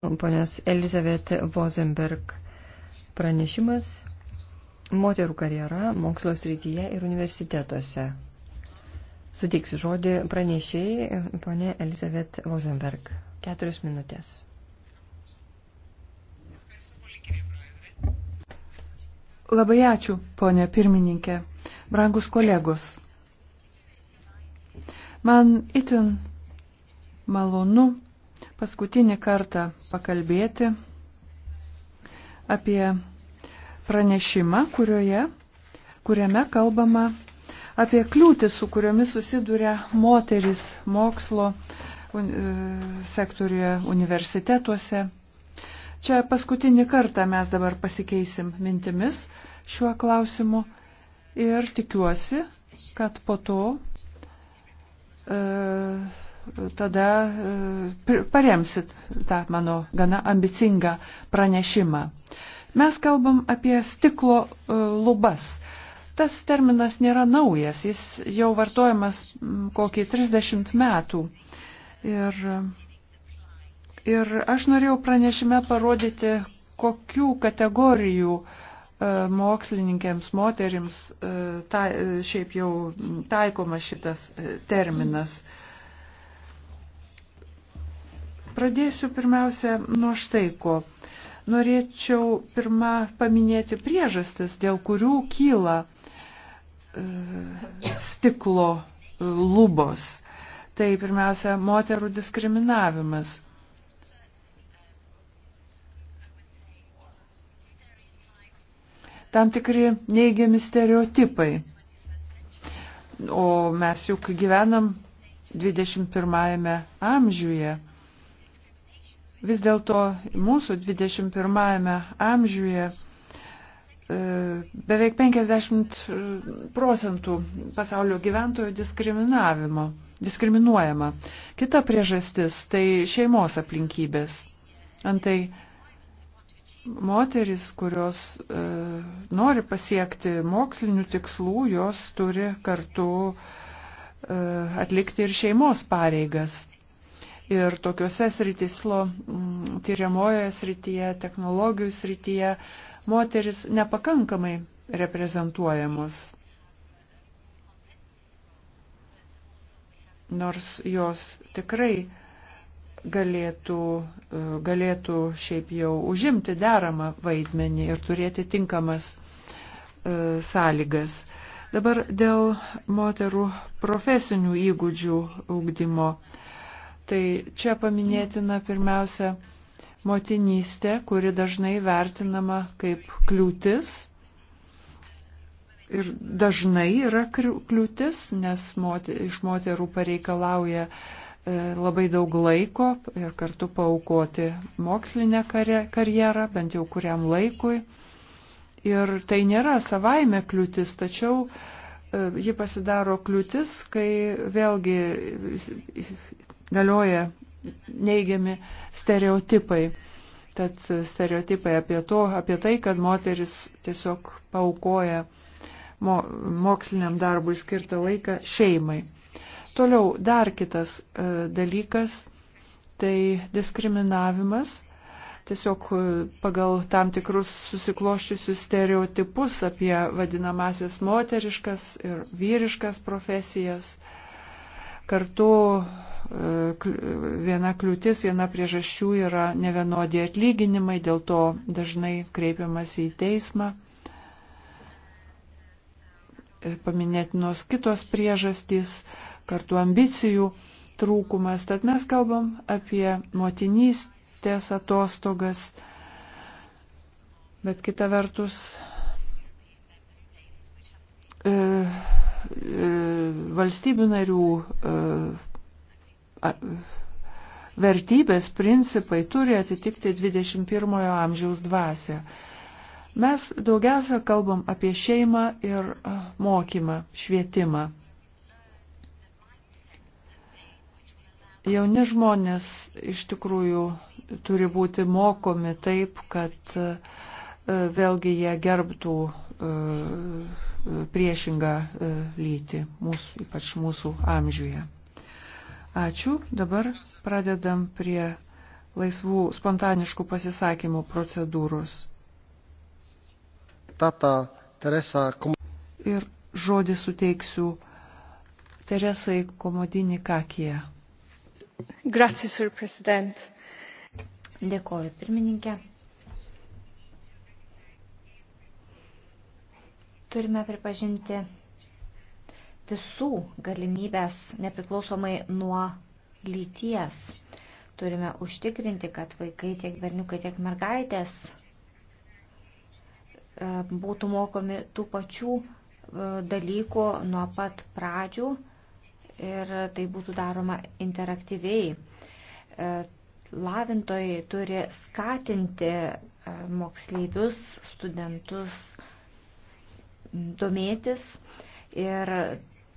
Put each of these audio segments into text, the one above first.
Ponios Elizabeth Vozenberg pranešimas Moterų karjera mokslo srityje ir universitetuose. Sutiksiu žodį pranešėjai, ponė Elizabeth Vozenberg. Keturios minutės. Labai ačiū, ponė pirmininkė. Brangus kolegos. Man itin malonu paskutinį kartą pakalbėti apie pranešimą, kurioje, kuriame kalbama apie kliūtis, su kuriomis susiduria moteris mokslo un, e, sektoriuje universitetuose. Čia paskutinį kartą mes dabar pasikeisim mintimis šiuo klausimu ir tikiuosi, kad po to e, tada e, paremsit tą mano gana ambicingą pranešimą. Mes kalbam apie stiklo e, lubas. Tas terminas nėra naujas, jis jau vartojamas kokį 30 metų. Ir, ir aš norėjau pranešime parodyti, kokių kategorijų uh, mokslininkėms, moterims ta, šiaip jau taikomas šitas terminas. Mm. Pradėsiu pirmiausia nuo štai ko. Norėčiau pirmą paminėti priežastis, dėl kurių kyla e, stiklo e, lubos. Tai pirmiausia, moterų diskriminavimas. Tam tikri neigiami stereotipai. O mes juk gyvenam 21 amžiuje. Vis dėlto mūsų 21-ame amžiuje e, beveik 50 e, procentų pasaulio gyventojų diskriminavimo, diskriminuojama. Kita priežastis tai šeimos aplinkybės. Antai moteris, kurios e, nori pasiekti mokslinių tikslų, jos turi kartu e, atlikti ir šeimos pareigas ir tokiuose sritislo mm, tyriamojoje srityje, technologijų srityje moteris nepakankamai reprezentuojamos. Nors jos tikrai galėtų, e, galėtų šiaip jau užimti deramą vaidmenį ir turėti tinkamas e, sąlygas. Dabar dėl moterų profesinių įgūdžių ūkdymo. E, Tai čia paminėtina pirmiausia motinystė, kuri dažnai vertinama kaip kliūtis. Ir dažnai yra kliūtis, nes moter, iš moterų pareikalauja e, labai daug laiko ir kartu paukoti mokslinę karjerą, bent jau kuriam laikui. Ir tai nėra savaime kliūtis, tačiau e, ji pasidaro kliūtis, kai vėlgi galioja neigiami stereotipai. Tad stereotipai apie, to, apie tai, kad moteris tiesiog paukoja mo, moksliniam darbui skirtą laiką šeimai. Toliau dar kitas e, dalykas - tai diskriminavimas tiesiog e, pagal tam tikrus susikloščiusius stereotipus apie vadinamasias moteriškas ir vyriškas profesijas. E, Kartu e, viena kliūtis, viena priežasčių yra nevienodie atlyginimai, dėl to dažnai kreipiamas į teismą. E, paminėtinos kitos priežastys, kartu ambicijų trūkumas. Tad mes kalbam apie motinystės atostogas, bet kita vertus valstybių narių e, vertybės, principai turi atitikti 21 amžiaus dvasę. Mes daugiausia kalbam apie šeimą ir mokymą, švietimą. Jauni žmonės iš tikrųjų turi būti mokomi taip, kad e, vėlgi jie gerbtų e, priešingą e, lytį, mūsų, ypač mūsų amžiuje. Ačiū. Dabar pradedam prie laisvų spontaniškų pasisakymų procedūros. Tata Teresa Kom... Ir žodį suteiksiu Teresai Komodinį Kakiją. Grazie, Sir President. Dėkoju, pirmininkė. turime pripažinti visų galimybės nepriklausomai nuo lyties. Turime užtikrinti, kad vaikai tiek berniukai, tiek mergaitės e, būtų mokomi tų pačių e, dalykų nuo pat pradžių ir tai būtų daroma interaktyviai. E, lavintojai turi skatinti moksleivius, studentus, domėtis ir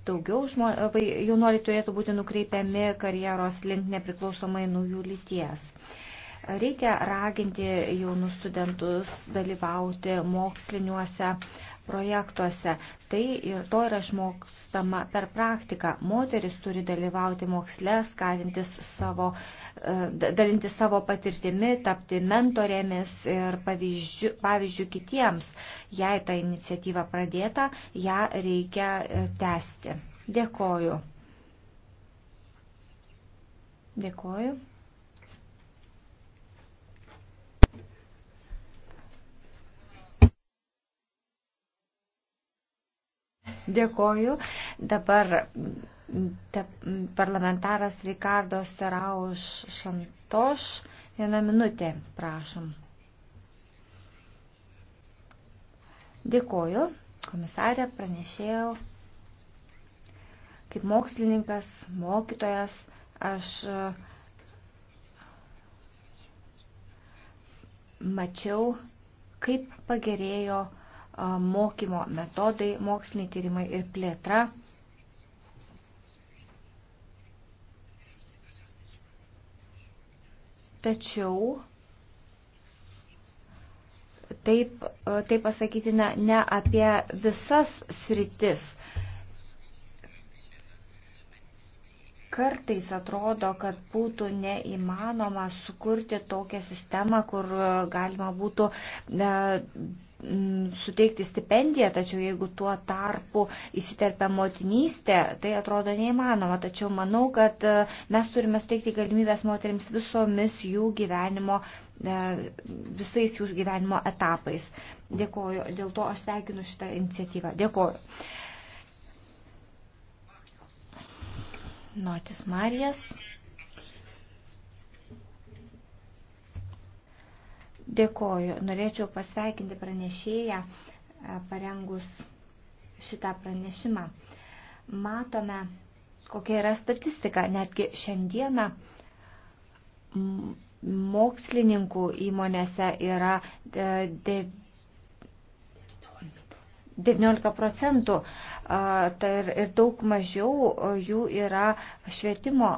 daugiau žmo, jaunuoliai turėtų būti nukreipiami karjeros link nepriklausomai nuo jų lyties. Reikia raginti jaunus studentus dalyvauti moksliniuose projektuose. Tai ir to yra išmokstama per praktiką. Moteris turi dalyvauti moksle, skatintis savo, e, dalinti savo patirtimi, tapti mentorėmis ir pavyzdžių, pavyzdžių kitiems. Jei ta iniciatyva pradėta, ją reikia e, tęsti. Dėkoju. Dėkoju. Dėkoju. Dabar te, parlamentaras Rikardo Serauš Šantoš. Vieną minutę, prašom. Dėkoju, komisarė, pranešėjau. Kaip mokslininkas, mokytojas, aš mačiau, kaip pagerėjo uh, mokymo metodai, moksliniai tyrimai ir plėtra. Tačiau taip, taip pasakytina ne apie visas sritis. Kartais atrodo, kad būtų neįmanoma sukurti tokią sistemą, kur galima būtų Mm, suteikti stipendiją, tačiau jeigu tuo tarpu įsiterpia motinystė, tai atrodo neįmanoma. Tačiau manau, kad e, mes turime suteikti galimybės moteriams visomis jų gyvenimo, e, visais jų gyvenimo etapais. Dėkoju, dėl to aš sveikinu šitą iniciatyvą. Dėkoju. Notis Marijas. Dėkoju. Norėčiau pasveikinti pranešėją e, parengus šitą pranešimą. Matome, kokia yra statistika. Netgi šiandieną mokslininkų įmonėse yra 9 e, 19 procentų tai ir daug mažiau jų yra švietimo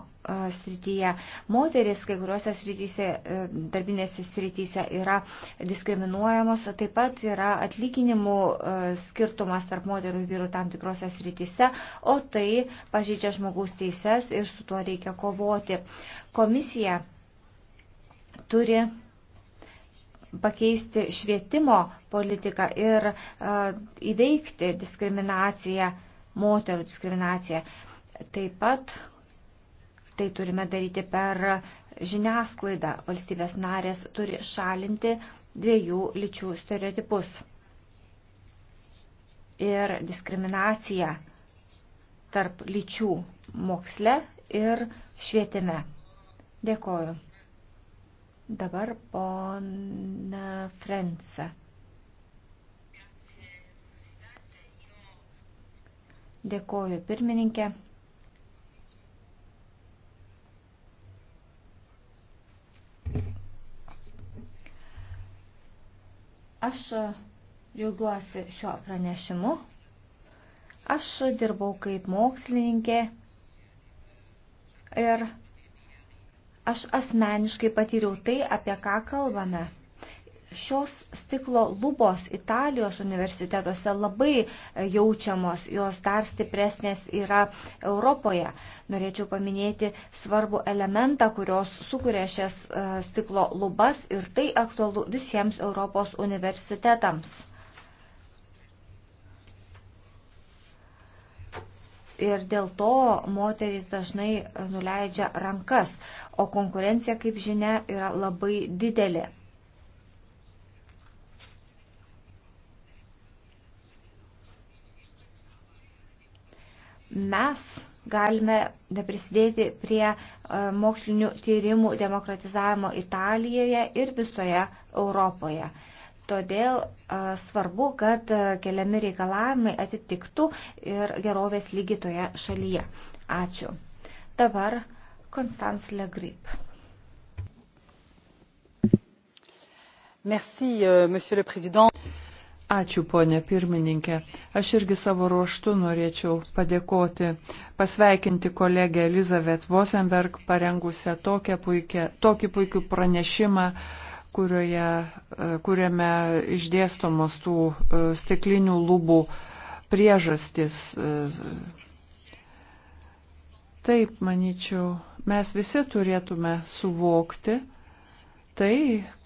srityje. Moteris kai kuriuose srityse, e, darbinėse srityse yra diskriminuojamos, taip pat yra atlyginimų e, skirtumas tarp moterų ir vyrų tam tikrose srityse, o tai pažydžia žmogaus teises ir su tuo reikia kovoti. Komisija turi pakeisti švietimo politiką ir e, įveikti diskriminaciją, moterų diskriminaciją. Taip pat tai turime daryti per žiniasklaidą. Valstybės narės turi šalinti dviejų lyčių stereotipus ir diskriminaciją tarp lyčių moksle ir švietime. Dėkoju. Dabar pona Frense. Dėkoju pirmininkė. Aš džiaugiuosi šio pranešimu. Aš dirbau kaip mokslininkė ir Aš asmeniškai patyriau tai, apie ką kalbame. Šios stiklo lubos Italijos universitetuose labai e, jaučiamos, jos dar stipresnės yra Europoje. Norėčiau paminėti svarbų elementą, kurios sukuria šias e, stiklo lubas ir tai aktualu visiems Europos universitetams. ir dėl to moterys dažnai nuleidžia rankas, o konkurencija, kaip žinia, yra labai didelė. Mes galime prisidėti prie e, mokslinių tyrimų demokratizavimo Italijoje ir visoje Europoje. Todėl svarbu, kad keliami reikalavimai atitiktų ir gerovės lygi toje šalyje. Ačiū. Dabar Konstans Legrip. Merci, euh, monsieur le président. Ačiū, ponė pirmininkė. Aš irgi savo ruoštų norėčiau padėkoti, pasveikinti kolegę Elizabeth Vosenberg, parengusią puikia, tokį puikų pranešimą uh, kurioje, e, kuriame išdėstomos tų e, stiklinių lubų priežastis. E, Taip, manyčiau, mes visi turėtume suvokti tai,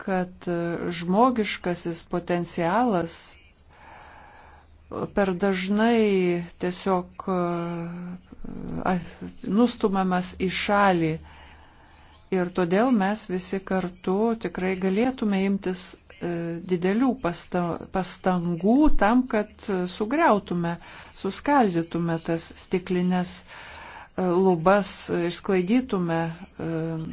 kad žmogiškasis potencialas per dažnai tiesiog nustumamas į šalį Ir todėl mes visi kartu tikrai galėtume imtis e, didelių pastangų tam, kad e, sugriautume, suskaldytume tas stiklinės lubas išsklaidytume e,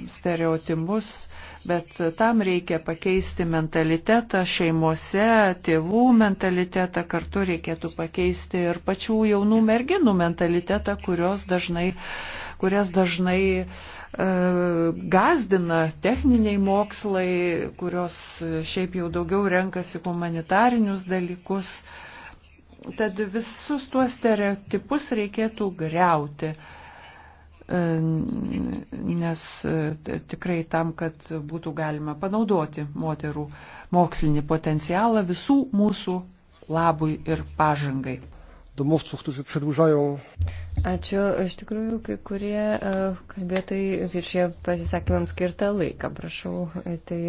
stereotimus, bet tam reikia pakeisti mentalitetą šeimose, tėvų mentalitetą, kartu reikėtų pakeisti ir pačių jaunų merginų mentalitetą, kurios dažnai, kurias dažnai e, gazdina techniniai mokslai, kurios šiaip jau daugiau renkasi humanitarinius dalykus. Tad visus tuos stereotipus reikėtų greuti. E, nes e, tikrai tam, kad būtų galima panaudoti moterų mokslinį potencialą visų mūsų labui ir pažangai. Ačiū. Iš tikrųjų, kai kurie e, kalbėtojai viršė pasisakymams skirtą laiką. Prašau tai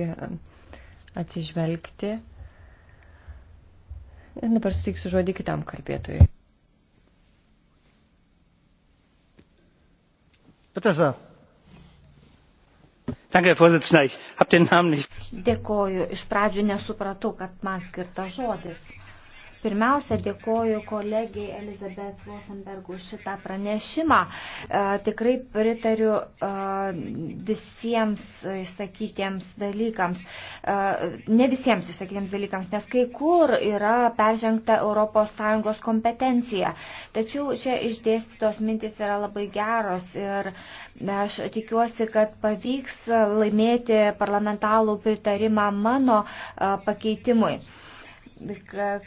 atsižvelgti. Ir dabar suteiksiu žodį kitam kalbėtojui. herr präsident! ich habe den namen nicht. dėkoju iš pradžių nesupratau kad man skirtas žodis. Pirmiausia, dėkoju kolegijai Elizabeth Vosenberg už šitą pranešimą. E, tikrai pritariu e, visiems išsakytiems dalykams. E, ne visiems išsakytiems dalykams, nes kai kur yra peržengta ES kompetencija. Tačiau čia išdėstytos mintis yra labai geros ir aš tikiuosi, kad pavyks laimėti parlamentalų pritarimą mano pakeitimui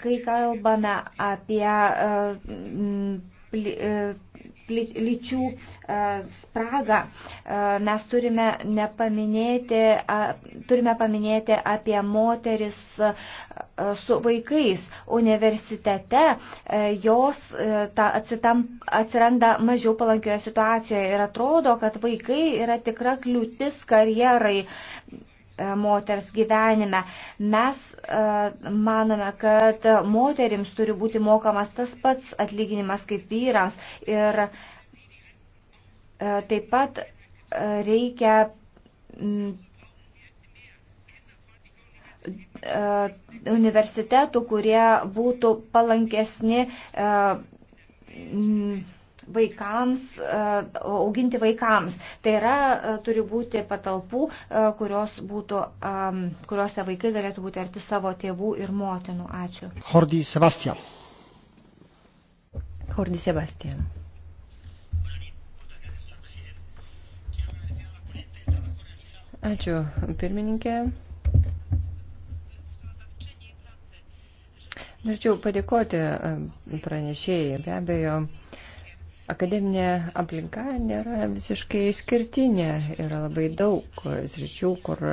kai kalbame apie e, e, lyčių e, spragą, mes turime, nepaminėti, turime paminėti apie moteris su vaikais. Universitete jos ta, atsitam, atsiranda mažiau palankioje situacijoje ir atrodo, kad vaikai yra tikra kliūtis karjerai E, moters gyvenime. Mes e, manome, kad moterims turi būti mokamas tas pats atlyginimas kaip vyrams ir e, taip pat reikia universitetų, kurie būtų palankesni vaikams, e, auginti vaikams. Tai yra, e, turi būti patalpų, e, kurios būtų, kuriuose vaikai galėtų būti arti savo tėvų ir motinų. Ačiū. Hordi Sebastian. Hordi Sebastian. Ačiū, pirmininkė. Norėčiau padėkoti pranešėjai. Be abejo, akademinė aplinka nėra visiškai išskirtinė. Yra labai daug sričių, kur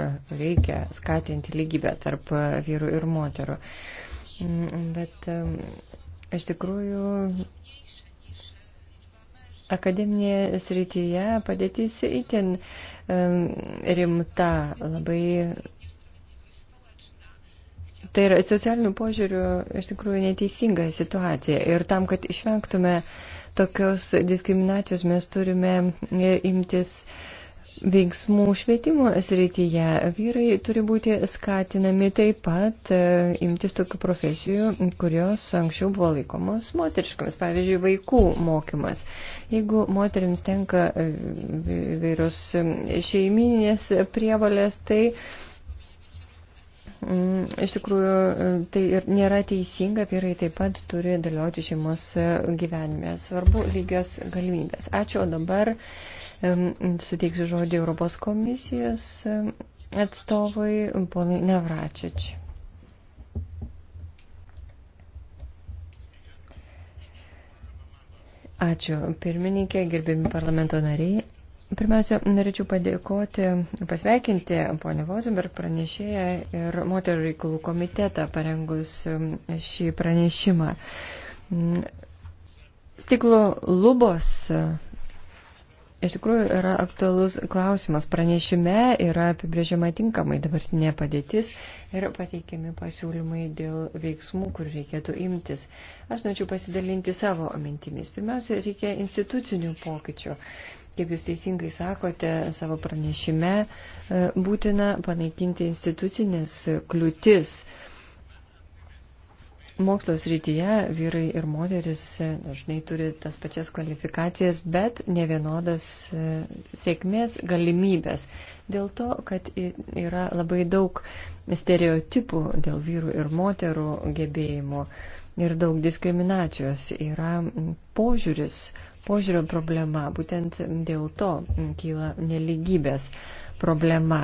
reikia skatinti lygybę tarp vyrų ir moterų. Mm, bet iš tikrųjų akademinėje srityje padėtis įtin rimta, labai. Tai yra socialinių požiūrių iš tikrųjų neteisinga situacija. Ir tam, kad išvengtume uh, tokios diskriminacijos mes turime e, imtis veiksmų švietimo srityje. Vyrai turi būti skatinami taip pat e, imtis tokių profesijų, kurios anksčiau buvo laikomos moteriškomis, pavyzdžiui, vaikų mokymas. Jeigu moteriams tenka e, vairios šeiminės prievalės, tai uh, Mm, iš tikrųjų, e, tai ir nėra teisinga, vyrai taip pat turi dalyvauti šeimos e, gyvenime. Svarbu lygios galimybės. Ačiū, o dabar suteiksiu žodį Europos komisijos e, atstovui, ponui Nevračič. Ačiū, pirmininkė, gerbėmi parlamento nariai. Pirmiausia, norėčiau padėkoti ir pasveikinti ponę Vozenberg pranešėją ir moterų reikalų komitetą parengus um, šį pranešimą. Mm, stiklo lubos uh, iš tikrųjų yra aktualus klausimas. Pranešime yra apibrėžiama tinkamai dabartinė padėtis ir pateikiami pasiūlymai dėl veiksmų, kur reikėtų imtis. Aš norėčiau pasidalinti savo mintimis. Pirmiausia, reikia institucinių pokyčių. Kaip jūs teisingai sakote savo pranešime, e, būtina panaikinti institucinės kliūtis. Mokslo srityje vyrai ir moteris e, dažnai turi tas pačias kvalifikacijas, bet ne vienodas e, sėkmės galimybės. Dėl to, kad yra labai daug stereotipų dėl vyrų ir moterų gebėjimų ir daug diskriminacijos yra požiūris, požiūrio problema, būtent dėl to kyla neligybės problema.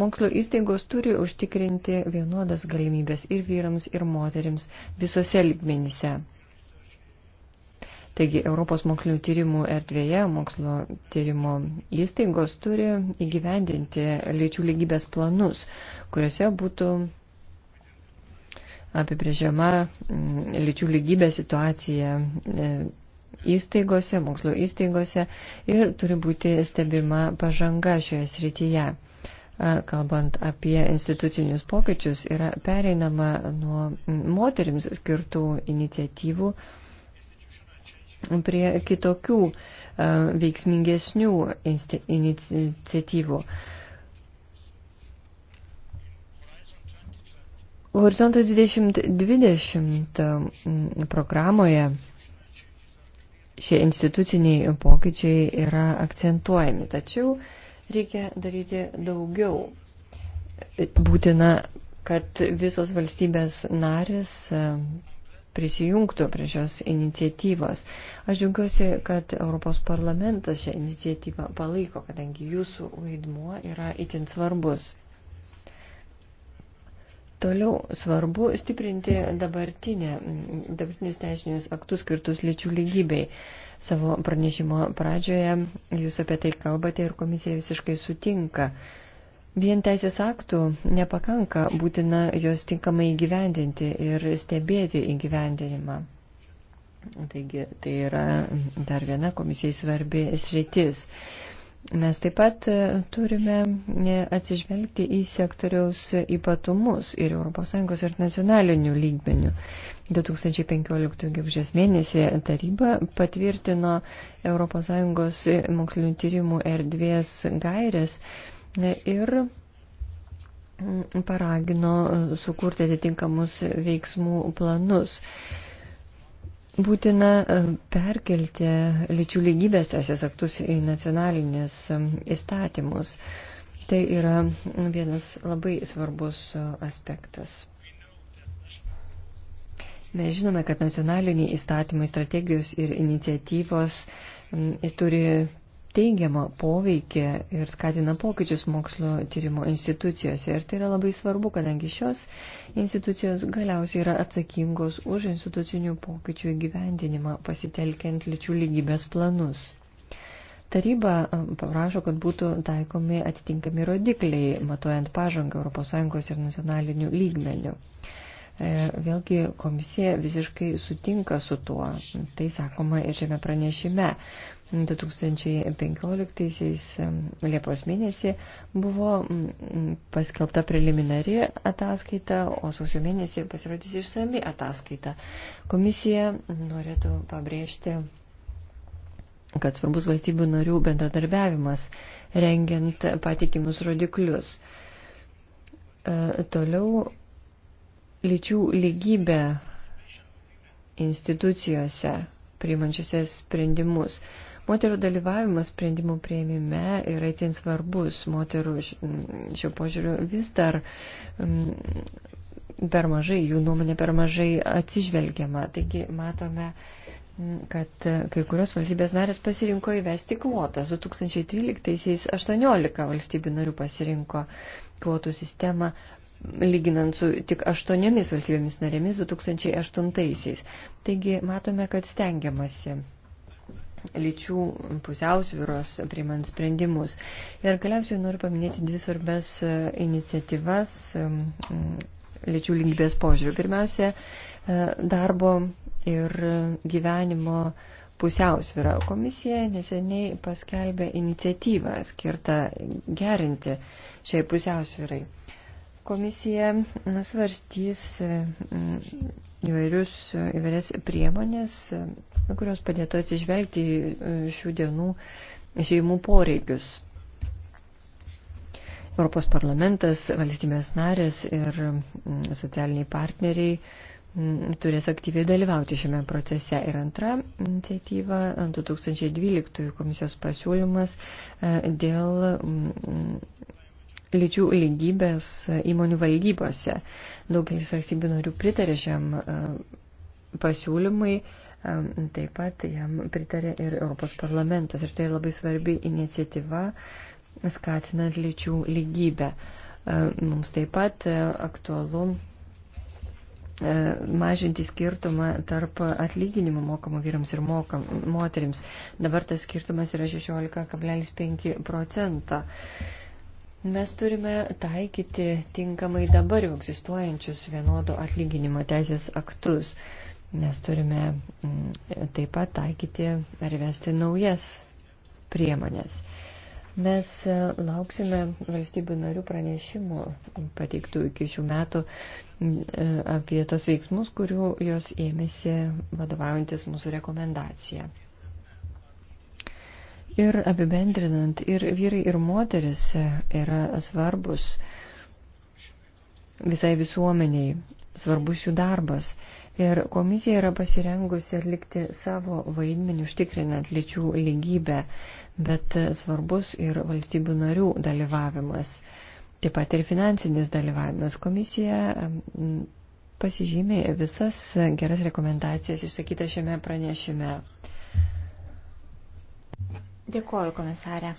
Mokslo įstaigos turi užtikrinti vienodas galimybės ir vyrams, ir moterims visose ligmenyse. Taigi Europos mokslinio tyrimų erdvėje mokslo tyrimo įstaigos turi įgyvendinti lyčių lygybės planus, kuriuose būtų apibrėžiama mm, lyčių lygybė situacija e, įstaigose, mokslo įstaigose ir turi būti stebima pažanga šioje srityje. Kalbant apie institucinius pokyčius, yra pereinama nuo moterims skirtų iniciatyvų prie kitokių veiksmingesnių iniciatyvų. Horizontas 2020 programoje šie instituciniai pokyčiai yra akcentuojami. Tačiau reikia daryti daugiau. Būtina, kad visos valstybės narės e, prisijungtų prie šios iniciatyvos. Aš džiaugiuosi, kad Europos parlamentas šią iniciatyvą palaiko, kadangi jūsų vaidmuo yra itin svarbus. Toliau svarbu stiprinti dabartinę, dabartinius teisinius aktus skirtus lyčių lygybei. Savo pranešimo pradžioje jūs apie tai kalbate ir komisija visiškai sutinka. Vien teisės aktų nepakanka, būtina juos tinkamai įgyvendinti ir stebėti įgyvendinimą. Taigi tai yra dar viena komisijai svarbi sritis. Mes taip pat e, turime e, atsižvelgti į sektoriaus ypatumus ir ES ir nacionalinių lygmenių. 2015 gegužės mėnesį taryba patvirtino ES mokslinių tyrimų erdvės gairės e, ir paragino sukurti atitinkamus veiksmų planus. Būtina e, perkelti lyčių lygybės teisės aktus į nacionalinės e, įstatymus. Tai yra vienas labai svarbus e, aspektas. Mes žinome, kad nacionaliniai įstatymai, strategijos ir iniciatyvos turi teigiamą poveikį ir skatina pokyčius mokslo tyrimo institucijose. Ir tai yra labai svarbu, kadangi šios institucijos galiausiai yra atsakingos už institucinių pokyčių įgyvendinimą pasitelkiant lyčių lygybės planus. Taryba um, paprašo, kad būtų taikomi atitinkami rodikliai, matuojant pažangą ES ir nacionalinių lygmenių. E, vėlgi komisija visiškai sutinka su tuo. Tai sakoma ir šiame pranešime. 2015 Liepos mėnesį buvo paskelbta preliminari ataskaita, o sausio mėnesį pasirodys išsami ataskaita. Komisija norėtų pabrėžti, kad svarbus valstybių narių bendradarbiavimas rengiant patikimus rodiklius. E, toliau lyčių lygybę institucijose priimančiose sprendimus. Moterų dalyvavimas sprendimų prieimime yra itin svarbus. Moterų šio požiūriu vis dar per mažai, jų nuomonė per mažai atsižvelgiama. Taigi matome, kad kai kurios valstybės narės pasirinko įvesti kvotas. 2013-2018 valstybių narių pasirinko kvotų sistemą lyginant su tik aštuoniomis valstybėmis narėmis 2008-aisiais. Taigi matome, kad stengiamasi lyčių pusiausvyros priimant sprendimus. Ir galiausiai noriu paminėti dvi svarbes e, iniciatyvas lyčių lygybės požiūrių. Pirmiausia, e, darbo ir gyvenimo pusiausvyrą. Komisija neseniai paskelbė iniciatyvą skirtą gerinti šiai pusiausvyrai. Komisija svarstys e, įvairius, įvairias priemonės, e, kurios padėtų atsižvelgti e, šių dienų šeimų poreikius. Europos parlamentas, valstybės narės ir socialiniai partneriai turės aktyviai dalyvauti šiame procese. Ir antra iniciatyva, 2012 komisijos pasiūlymas dėl lyčių lygybės įmonių valdybose. Daugelis valstybių narių pritarė šiam e, pasiūlymui, e, taip pat jam pritarė ir Europos parlamentas. Ir tai labai svarbi iniciatyva skatinant lyčių lygybę. E, mums taip pat aktualu mažinti skirtumą tarp atlyginimų mokamų vyrams ir mokam, moterims. Dabar tas skirtumas yra 16,5 procento. Mes turime taikyti tinkamai dabar jau egzistuojančius vienodo atlyginimo teisės aktus, nes turime mm, taip pat taikyti ar vesti naujas priemonės. Mes e, lauksime valstybių narių pranešimų pateiktų iki šių metų mm, e, apie tos veiksmus, kurių jos ėmėsi vadovaujantis mūsų rekomendacija. Ir apibendrinant, ir vyrai, ir moteris yra svarbus visai visuomeniai, svarbus jų darbas. Ir komisija yra pasirengusi atlikti savo vaidmenį užtikrinant lyčių lygybę, bet svarbus ir valstybių narių dalyvavimas, taip pat ir finansinis dalyvavimas. Komisija pasižymė visas geras rekomendacijas išsakytas šiame pranešime. Dėkoju, komisarė.